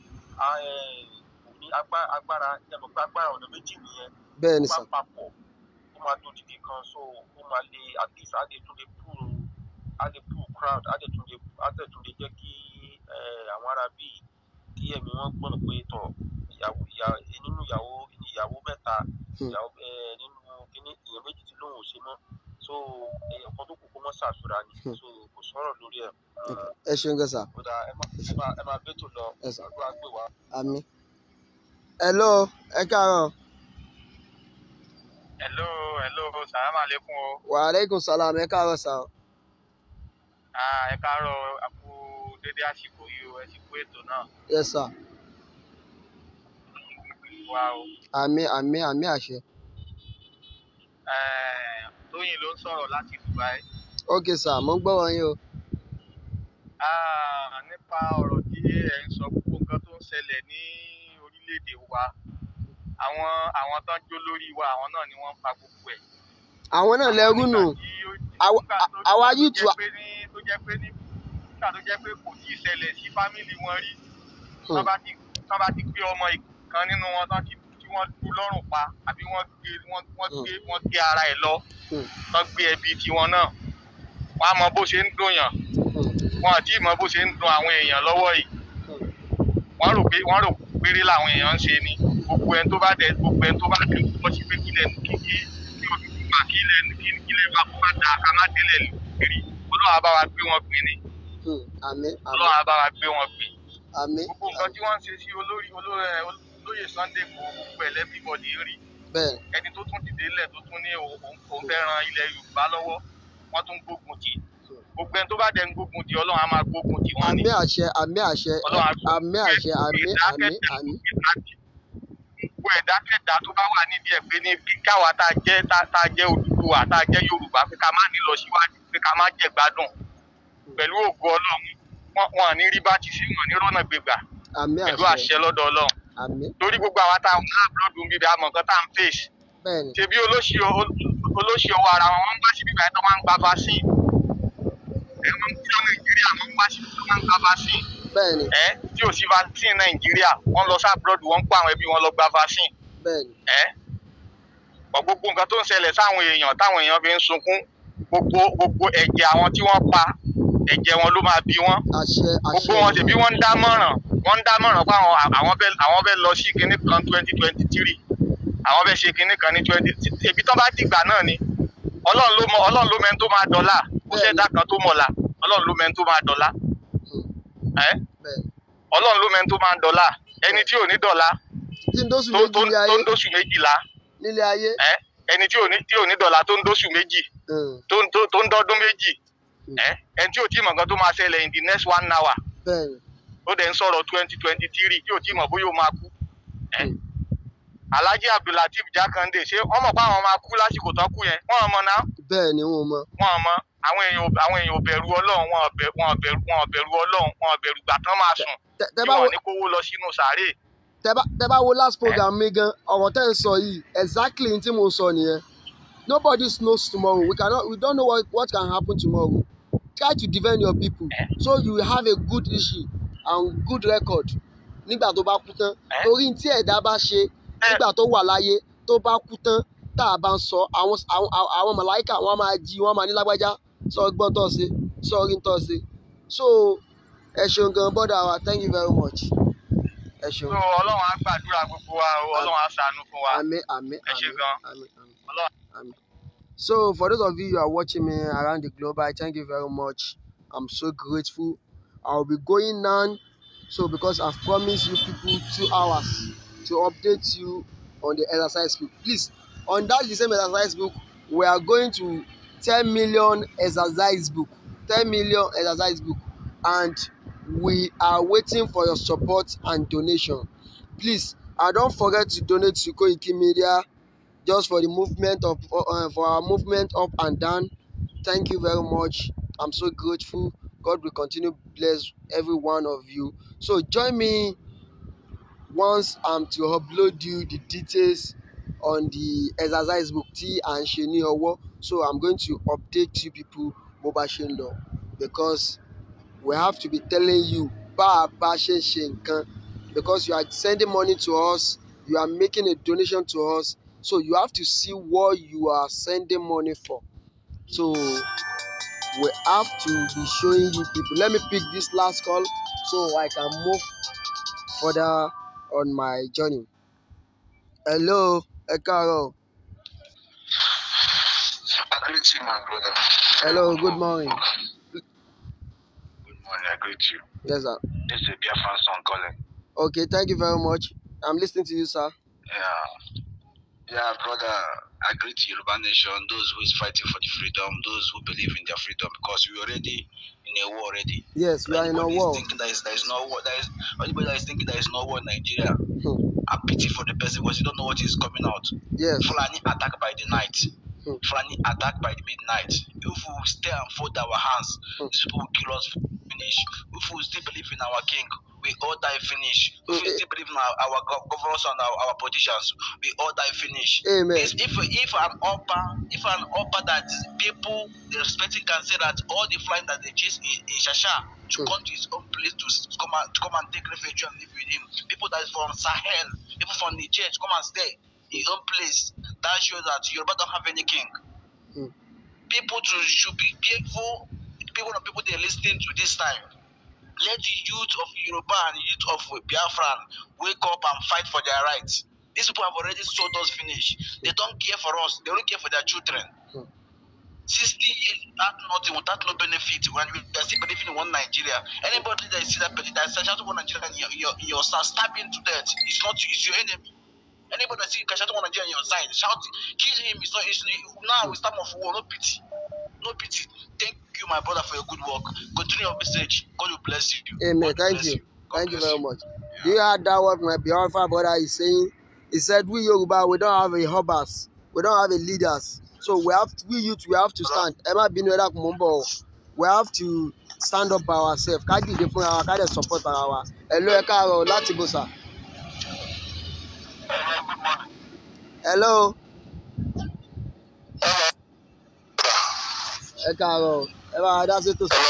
ní agbára ẹ̀mọ̀ pé agbára ọ̀nà méjì nìyẹn bẹ́ẹ̀ni sà papọ̀ ó máa tó dìde kan so ó máa lè at least tún lè pull á lè crowd á tún lè jẹ́ kí àwọn ará bíi kí ẹ̀mí wọn gbọ́n ìyàwó nínú ìyàwó hmm. ìyàwó mẹ́ta ìyàwó nínú kíní èèyàn méjì tí lòun ò ṣe mọ́ so ọkọ tó kù kó mọ́ ṣàṣùrà ni hmm. so kò sọ̀rọ̀ lórí ẹ̀. ẹ ṣeun gẹ́sà. kódà ẹ máa bẹ́tò lọ àdúrà gbé wa. àmín. hello ẹ káàárọ̀. hello hello salaam aleykum o. wa salaam ẹ káàárọ̀ sa. ẹ káàárọ̀ àpò dédé àsìkò yìí o ẹ sì kú ètò náà. yes sir wa o. àmín àmín àmín àṣẹ. tóyìn ló ń sọ̀rọ̀ láti Dubai. ok sir mo ń gbọ́ wọn yín o. nípa ọ̀rọ̀ tí ẹ̀ ń sọ gbogbo nǹkan tó ń ṣẹlẹ̀ ní orílẹ̀-èdè wa àwọn àwọn tán jó lórí wa àwọn náà ni wọ́n ń fa gbogbo ẹ̀. àwọn náà lẹ́rú nù àwa yìtù. tó jẹ́ pé ní nígbà tó jẹ́ pé kò tí ì ṣẹlẹ̀ sí fámìlì wọn rí hmm. tọ́ba ti gbé ọmọ ìk kan nínú wọn tán ti tí wọ́n tú lọ́rùn pa àbí wọ́n gbé wọ́n hmm. gbé wọ́n gbé ara ẹ̀ lọ hmm. tán gbé ẹbí tiwọn náà wọ́n á mọ bó ṣe ń dùnyàn hmm. wọ́n àti ìmọ̀ bó ṣe ń dun àwọn èèyàn lọ́wọ́ yìí wọ́n rò pé wọ́n rò péré làwọn èèyàn ń ṣe ni gbogbo ẹni tó bá dẹ gbogbo ẹni tó bá dẹ wọ́n ṣe pé kílẹ̀ kíkí kílẹ̀ kílẹ̀ wa kó má da ká má délẹ̀ kiri ọlọ́run àbá wa gbé wọn gbìn ni ọlọ́run àbá wa gbé wọn gbìn gbogbo nǹkan tí wọ́n ń ṣe sí olórí olórí lóye Sunday kó gbogbo ẹlẹ́bí bọ̀dì rí ẹni tó tún dìde lẹ̀ tó tún ní òun fẹ́ ran ilẹ̀ Yorùbá lọ́wọ́ wọ́n tún gbógun tì gbogbo ẹni tó bá dẹ̀ ń gbógun tì Ọlọ́run á máa gbógun tì wọ́n ni. àmì àṣẹ àmì àṣẹ àmì àṣẹ àmì àmì àmì. gbogbo ẹ̀dákẹ́dá tó bá wà níbi ẹ̀ pé ní káwa tá a jẹ́ tá a jẹ́ Odùduwà tá a jẹ́ Yorùbá pé ká má ní lọ síwájú pé ká má jẹ gbádùn pẹ̀lú ògo Ọlọ́run wọn ní rí bá ti sí wọn ní rọ́nà gbégbà pẹ̀lú àṣẹ lọ́dọ̀ Ọlọ́run torí gbogbo àwa tá a wà láàbùrọ̀dù ń bíbẹ̀ àmọ̀ nǹkan tá à ń fèsì ṣe bí olóṣì owó ara wọn wọ́n ń wá síbi báyìí tó máa ń gba vaccine ẹ̀wọ̀n ń kúrò nàìjíríà wọ́n ń wá síbi tó máa ń gba vaccine ẹ̀ tí ò sí vaccine nàìjíríà wọ́n lọ sáàbùrọ̀dù wọ́n ń kó àwọn ẹbí wọn lọ gba vaccine ẹ̀ gbogbo nǹkan tó ń ṣẹlẹ̀ sáwọn èèyàn táwọn èèyàn fi ń sunkún gbogbo gbogbo ẹ̀jẹ̀ àwọn tí wọ́n pa ẹ̀jẹ̀ wọn ló máa bí wọn gbogbo wọn tẹ̀bí wọ́n ń dá mọ́ràn wọ́n ń dámọ̀ràn pé àwọn àwọn fẹ́ lọ sí kinní kan twenty twenty three àwọn fẹ́ ṣe kinní kan ní twenty ebi tán bá dìgbà náà ni ọlọ́run ló mọ ọlọ́run ló mẹ́ni tó máa dọ́là kó sẹ́dá kan tó mọ̀lá ọlọ́run ló mẹ́ni tó máa dọ́là hmm. ọlọ́run ló mẹ́ni tó máa dọ́là ẹni tí ò ní dọ́là tó ń dóṣù méjìlá nílé ayé ẹni tí ò ní tí ò ní dọ́là tó ń dóṣù méjì hmm. tó ń dọ́dún méjì hmm. ẹni tí ò tí mọ̀ nǹkan tó máa ṣẹlẹ̀ in the next one hour tó dẹ̀ ń sọ̀rọ̀ twenty twenty three tí ò tí mọ̀ bóyá ó máa kú. Hmm. Alhaji Abdulateef Jákàndé ṣé ọmọ pa àwọn máa kú lásìkò tán kú yẹn wọ́n mọ̀ náà. bẹ́ẹ̀ ni wọ́n mọ̀. wọ́n mọ̀ àwọn èèyàn àwọn èèyàn bẹ̀rù Ọlọ́run wọ́n bẹ̀rù wọ́n bẹ̀rù wọ́n bẹ̀rù Ọlọ́run wọ́n bẹ̀rù gbà tán máa sùn tí wọ́n ní kówó lọ sínú sàárè. tẹ bá wo last program mi gan ọ̀rọ̀ tẹ́ ń sọ yìí exactly tí mo sọ nìyẹn nobody knows tomorrow we cannot we don't know what, what can happen tomorrow try to defend your people so you have a good issue and good record nígbà tó bá kú tán torí tí ẹ̀dá bá ṣe nígbà tó wà láyé tó bá kú tán tá a bá ń sọ àwọn àwọn màláìkà wọn máa jí wọn máa ní lágbájá sọ gbọ́n tó ṣe sọ orí tó ṣe so ẹ ṣeun gan bọ́dà wa thank you very much ẹ ṣeun. so ọlọ́run á gbàdúrà gbogbo wa ọlọ́run á ṣàánú fún wa àmín àmín ẹ ṣe gan So for those of you who are watching me around the globe, I thank you very much. I'm so grateful I'll be going now. So because I've promised you people two hours to update you on the exercise book. Please, on that the same exercise book, we are going to 10 million exercise book. 10 million exercise book. And we are waiting for your support and donation. Please, I don't forget to donate to Koiki Media just for the movement of uh, for our movement up and down. Thank you very much. I'm so grateful. God will continue bless every one of you. So join me once I'm to upload you the details on the exercise book T and Sheni ṣe So I'm going to update you people bó Shendo because we have to be telling you Baba a bá because you are sending money to us, you are making a donation to us. So you have to see what you are sending money for. So we have to be showing you people let me pick this last call so i can move further on my journey hello Ekaro. i greet you my brother. hello good morning. good morning i greet you. yes sir. this is biafran son calling. okay thank you very much i'm listening to you sir. Yeah. Yeah, brother, I greet Yoruba Nation, those who is fighting for the freedom, those who believe in their freedom, because we already in a war already. Yes, we are in a war. Thinking that is, there is no war. There is anybody that is thinking there is no war in Nigeria. Hmm. I pity for the person because you don't know what is coming out. Yes. Fulani attack by the night. Hmm. Fulani attack by the midnight. If we stay and fold our hands, hmm. these people will kill us. Finish. If we still believe in our king, we all die finish. Mm. If we still believe in our, our governments and our, our politicians, we all die finish. Amen. It's if if an upper if an upper that people the respecting can say that all the flying that they chase in, in Shasha to mm. come to his own place to, come and to come and take refuge and live with him. People that is from Sahel, people from Niger, to come and stay in his own place. That shows that Yoruba don't have any king. Mm. People to, should be careful. People, people they listening to this time. Let the youth of Yoruba and youth of Biafra wake up and fight for their rights. These people have already sold us finish. They don't care for us. They only care for their children. Hmm. years without nothing, without no benefit, when you are still benefiting one Nigeria. Anybody that is that that is to one Nigeria, you you you start stabbing to death. It's not it's your enemy. Anybody that is to one Nigeria in your side, shout, kill him. It's not. It's, now we start off war, no pity no pity. Thank you, my brother, for your good work. Continue your message. God will bless you. Amen. Thank you. you. Thank you very much. Yeah. Do you hear that what my Biafra brother is saying? He said, We Yoruba, we don't have a hubbers. we don't have a leaders. So we have to, we youth, we have to stand. Emma Binuela Kumumbo, we have to stand up by ourselves. Can't be different. Our wa, ká dẹ̀ support ara Hello, ẹ káàárọ̀ láti bọ̀ sà. Hello. ẹ káàárọ̀ ẹ bá dá sí tòsí.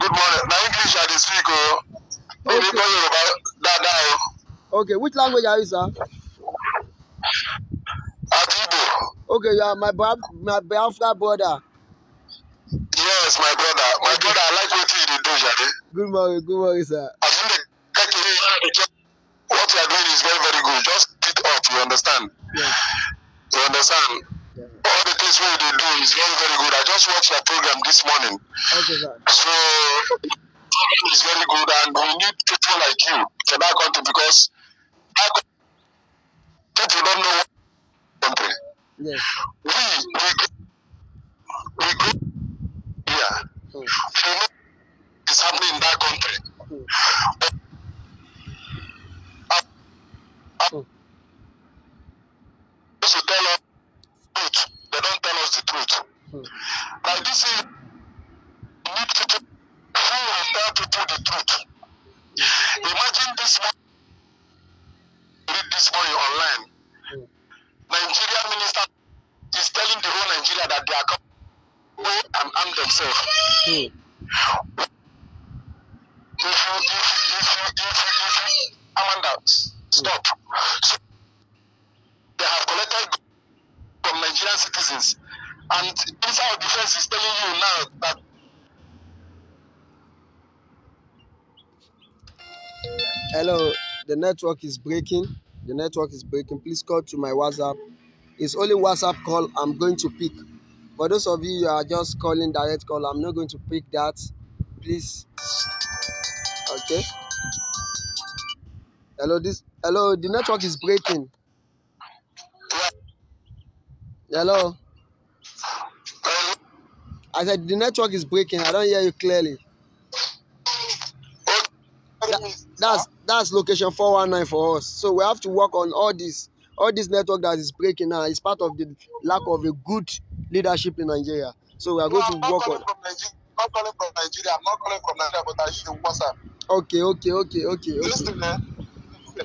good morning na english i dey speak o mi ní kọ́ yorùbá dáadáa o. Oh. okay which language are you sir. àti igbo. okay you are my bra my biafra brother. yes my brother my brother i like wetin you dey do jare. good morning good morning sir. as you dey kekere you dey check what you are doing is very very good just keep up you understand. Yes. you understand. all the things we they do is very, very good. I just watched your program this morning. Okay, sir. So, it's very good, and we need people like you for that country because people don't know what country. Yes. We, we, we go here. Mm. We know it's happening in that country. Mm. But, uh, uh, mm. to tell us they don't tell us the truth. Mm. Like this is need to who will tell people the truth. Imagine this morning, read this morning online. Nigerian minister is telling the whole Nigeria that they are coming and arm themselves. Mm. If you, if, if you, if you, if you, Amanda, stop. So they have collected Nigerian citizens. And this our defense is telling you now that Hello, the network is breaking. The network is breaking. Please call to my WhatsApp. It's only WhatsApp call I'm going to pick. For those of you who are just calling direct call, I'm not going to pick that. Please. Okay. Hello, this hello, the network is breaking. Hello. I said the network is breaking. I don't hear you clearly. That, that's that's location 419 for us. So we have to work on all this. All this network that is breaking now is part of the lack of a good leadership in Nigeria. So we are no, going to work on. I'm calling from Nigeria. I'm not calling from Nigeria, but I use WhatsApp. Okay, okay, okay, okay. okay. Listen, man. Eh?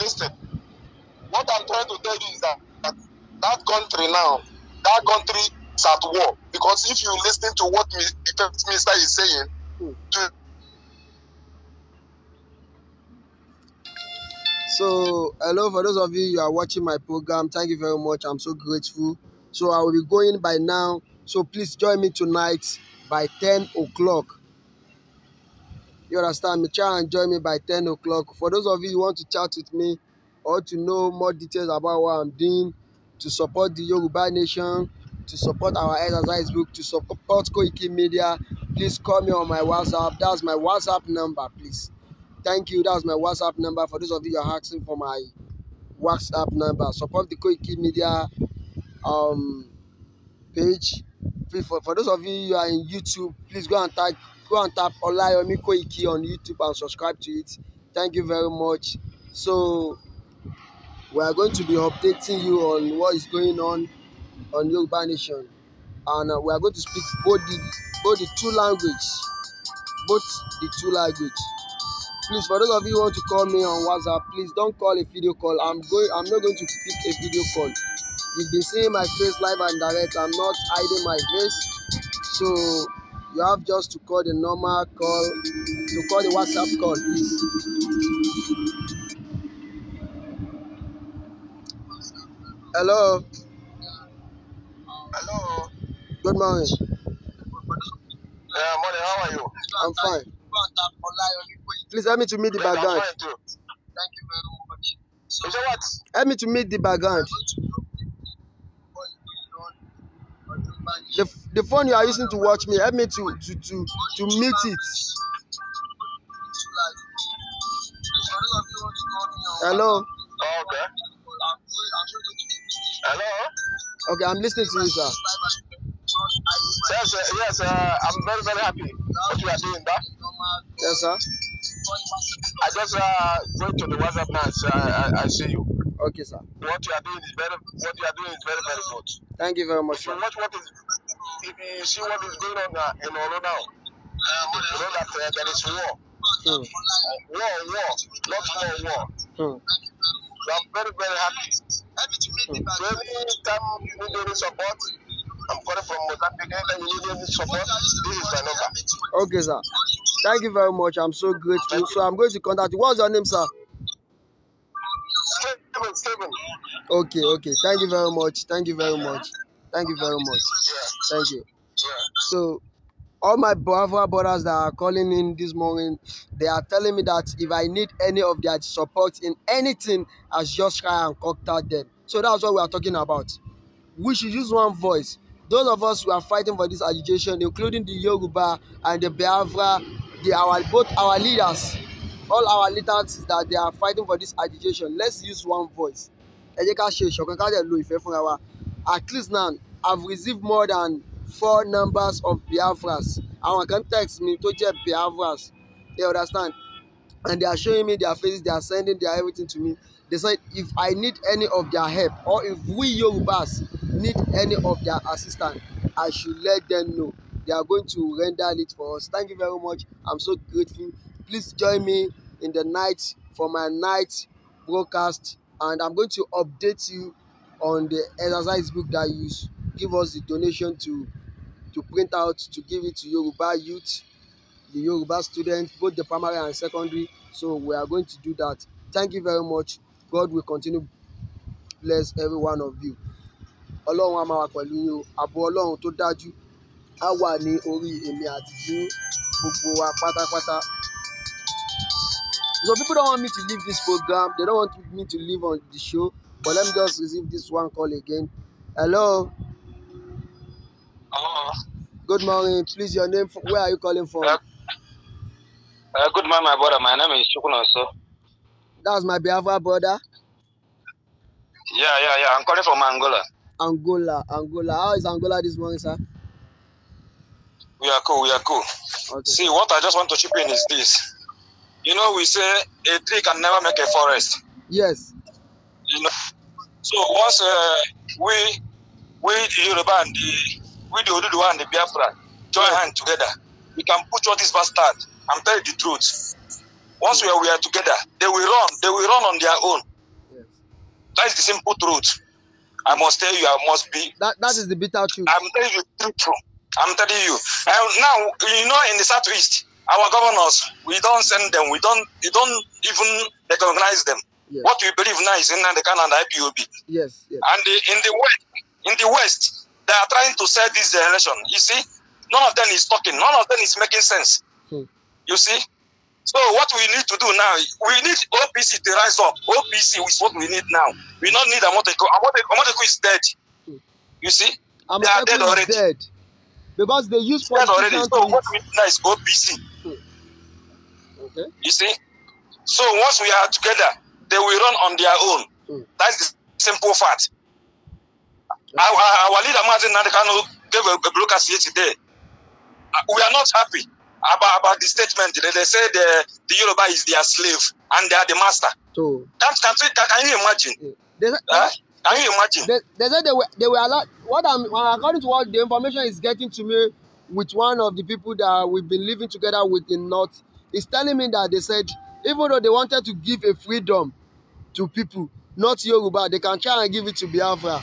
Listen. What I'm trying to tell you is that that country now, that country is at war. Because if you listen to what the minister is saying, to... so hello for those of you who are watching my program. Thank you very much. I'm so grateful. So I will be going by now. So please join me tonight by 10 o'clock. You understand me? Try and join me by 10 o'clock. For those of you who want to chat with me or to know more details about what I'm doing, to support the Yoruba Nation, to support our exercise book, to support Koiki Media, please call me on my WhatsApp. That's my WhatsApp number, please. Thank you. That's my WhatsApp number. For those of you who are asking for my WhatsApp number, support the Koiki Media um, page. for, for those of you who are in YouTube, please go and type go and tap Olayomi Koiki on YouTube and subscribe to it. Thank you very much. So we are going to be updating you on what is going on on Yoruba Nation, and uh, we are going to speak both the both the two language, both the two language. Please, for those of you who want to call me on WhatsApp, please don't call a video call. I'm going. I'm not going to pick a video call. You've been seeing my face live and direct. I'm not hiding my face, so you have just to call the normal call to call the WhatsApp call, please. Hello. Hello. Good morning. Yeah, morning. How are you? I'm fine. Please help me to meet the background. Thank you very much. So what? Help me to meet the background. The, the phone you are using to watch me, help me to to to to meet it. Hello. Oh, okay. Hello? Okay, I'm listening to you, sir. Yes, uh, yes, uh, I'm very, very happy what you are doing, that. Yes, sir. I just uh, went to the WhatsApp now. So I, I, I see you. Okay, sir. What you are doing is very, what you are doing is very, very good. Thank you very much, sir. So what, what is, if you see what is going on uh, in Oro now, you know that uh, there is war. Hmm. Uh, war, war, not more war. Hmm. I'm very, very happy. Every time you need any support, I'm calling from Mozambique. Anytime you need any support, this is my number. Okay, sir. Thank you very much. I'm so grateful. So I'm going to contact you. What's your name, sir? Steven, Steven. Okay, okay. Thank you very much. Thank you very much. Thank you very much. Thank you. So all my Biafra brothers that are calling in this morning, they are telling me that if I need any of their support in anything, I just try and contact them. So that's what we are talking about. We should use one voice. Those of us who are fighting for this agitation, including the Yoruba and the Biafra, the, our, both our leaders, all our leaders that they are fighting for this agitation, let's use one voice. At least now, have received more than four numbers of Biafras àwọn kan text me tó jẹ́ Biafras You understand and they are showing me their faces they are sending their everything to me they said if I need any of their help or if we Yorubas need any of their assistance I should let them know they are going to render it for us thank you very much I'm so grateful please join me in the night for my night broadcast and I'm going to update you on the exercise book that you give us the donation to to print out to give it to Yoruba youth, the Yoruba students, both the primary and secondary. So we are going to do that. Thank you very much. God will continue bless every one of you. Ọlọ́run a máa wà pẹ̀lú yín o, ààbò Ọlọ́run tó dájú á wà ní orí èmi àti yín gbogbo wa pátápátá. So people don't want me to leave this program, they don't want me to leave on the show, but let me just receive this one call again. Hello. Good morning. Please, your name. Where are you calling from? Uh, uh, good morning, my brother. My name is Chukunoso. That's my Biafra brother. Yeah, yeah, yeah. I'm calling from Angola. Angola, Angola. How is Angola this morning, sir? We are cool. We are cool. Okay. See, what I just want to chip in is this. You know, we say a tree can never make a forest. Yes. You know. So once uh, we, we Yoruba and the we the Oduduwa and the Biafra join hand together. We can put all this bastard. I'm telling the truth. Once we are, we are together, they will run. They will run on their own. Yes. That is the simple truth. I must tell you, I must be. That, that is the bitter truth. I'm telling you the I'm telling you. And now, you know, in the Southeast, our governors, we don't send them. We don't, we don't even recognize them. Yes. What we believe now is in the Canada IPOB. Yes, yes. And the, in the West, in the West, they are trying to sell this election. You see, none of them is talking. None of them is making sense. Hmm. You see. So what we need to do now, we need OPC to rise up. OPC is what we need now. We don't need Amoteko. Amoteko, Amoteko is dead. Hmm. You see, Amoteko they are dead already. Dead. Because they use dead already. So what we need now is OPC. Hmm. Okay. You see. So once we are together, they will run on their own. Hmm. That's the simple fact. Our, leader Martin Nadekano gave a, broadcast yesterday. Uh, we are not happy about, about the statement. that they say the, uh, the Yoruba is their slave and they are the master. So that, that, that can you imagine? Yeah. They, can you imagine? They, they said they were they were allowed. What I'm according to what the information is getting to me with one of the people that we've been living together with in North is telling me that they said even though they wanted to give a freedom to people, not Yoruba, they can try and give it to Biafra.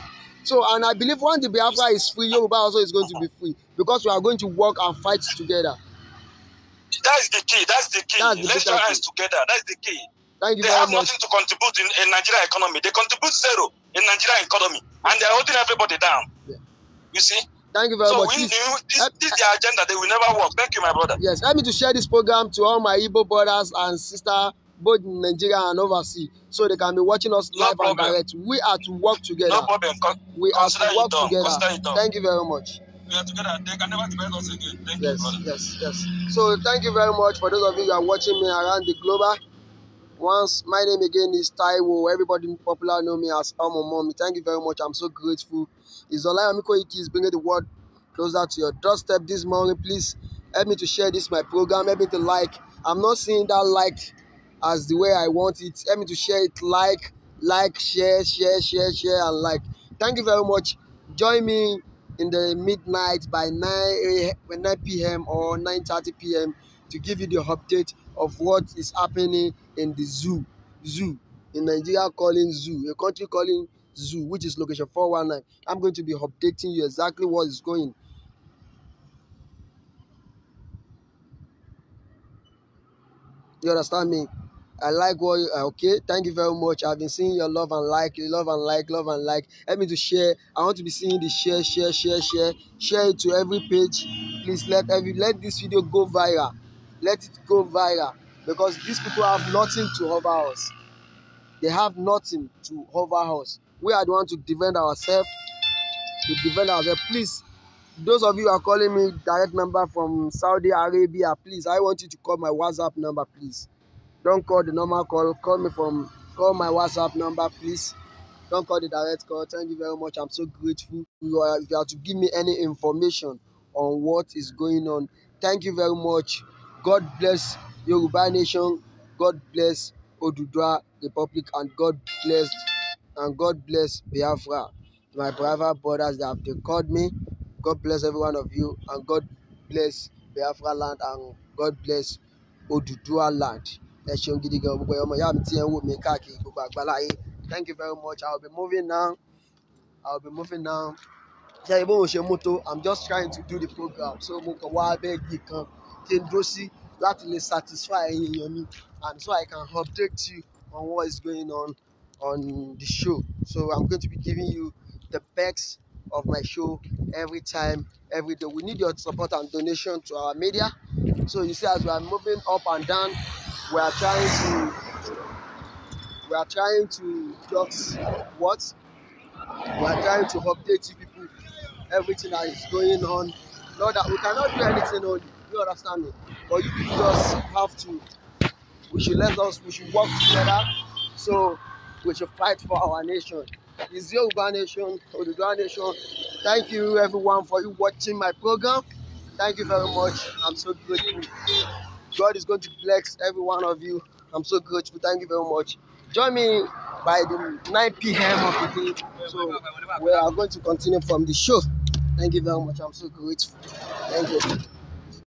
So, and I believe when the Biafra is free, Yoruba also is going to be free because we are going to work and fight together. That's the key. That's the key. That's the Let's join hands together. That's the key. Thank you they very have nothing to contribute in, in Nigeria economy. They contribute zero in Nigeria economy, and they are holding everybody down. Yeah. You see. Thank you very so much. So we knew this, help, this is their agenda. They will never work. Thank you, my brother. Yes, help me to share this program to all my Igbo brothers and sisters, both in Nigeria and overseas. so they can be watching us live and direct. We are to work together. No problem. Con we are to work together. Thank you very much. We are together. They can never divide us again. Thank yes, you, yes, yes. So thank you very much for those of you who are watching me around the globe. Once my name again is Taiwo. Everybody popular know me as Omo Mommy. Thank you very much. I'm so grateful. It's Olaya Miko Iki is bringing the word closer to your doorstep this morning. Please help me to share this my program. Help me to like. I'm not seeing that like as the way I want it. Help me to share it. Like, like, share, share, share, share, and like. Thank you very much. Join me in the midnight by 9, 9 p.m. or 9.30 p.m. to give you the update of what is happening in the zoo. Zoo. In Nigeria calling zoo. A country calling zoo, which is location 419. I'm going to be updating you exactly what is going You understand me? I like what you, uh, okay, thank you very much. I've been seeing your love and like, love and like, love and like. Help me to share. I want to be seeing the share, share, share, share. Share it to every page. Please let every let this video go viral. Let it go viral because these people have nothing to hover us. They have nothing to hover us. We are the one to defend ourselves, to defend ourselves. Please, those of you who are calling me direct number from Saudi Arabia, please, I want you to call my WhatsApp number, please. Don't call the normal call. Call me from, call my WhatsApp number, please. Don't call the direct call. Thank you very much. I'm so grateful. You are, uh, if you are to give me any information on what is going on, thank you very much. God bless Yoruba Nation. God bless Odudua Republic, and God bless and God bless Biafra. My brother, brothers that have called me. God bless every one of you, and God bless Biafra land, and God bless Odudua land ẹ ṣeun gidi gan gbogbo ọmọ ìyá mi tí ẹ ń wò mí káàkiri gbogbo àgbáláyé thank you very much i will be moving now i will be moving now ṣe ibo òun ṣe mú tó i'm just trying to do the program so mo kàn wá abẹ́ igi kan kí n dúró sí láti lè satisfy ẹ̀yin èèyàn mi and so i can update you on what is going on on the show so i'm going to be giving you the best of my show every time, every day. We need your support and donation to our media. So you see, as we are moving up and down we are trying to we are trying to just what we are trying to update you people everything that is going on not that we cannot do anything on you you understand me but you just have to we should let us we should work together so we should fight for our nation it's Yoruba nation Oduduwa nation thank you everyone for you watching my program thank you very much i'm so grateful. God is going to bless every one of you. I'm so grateful. Thank you very much. Join me by the 9 p.m. of the day. So we are going to continue from the show. Thank you very much. I'm so grateful. Thank you.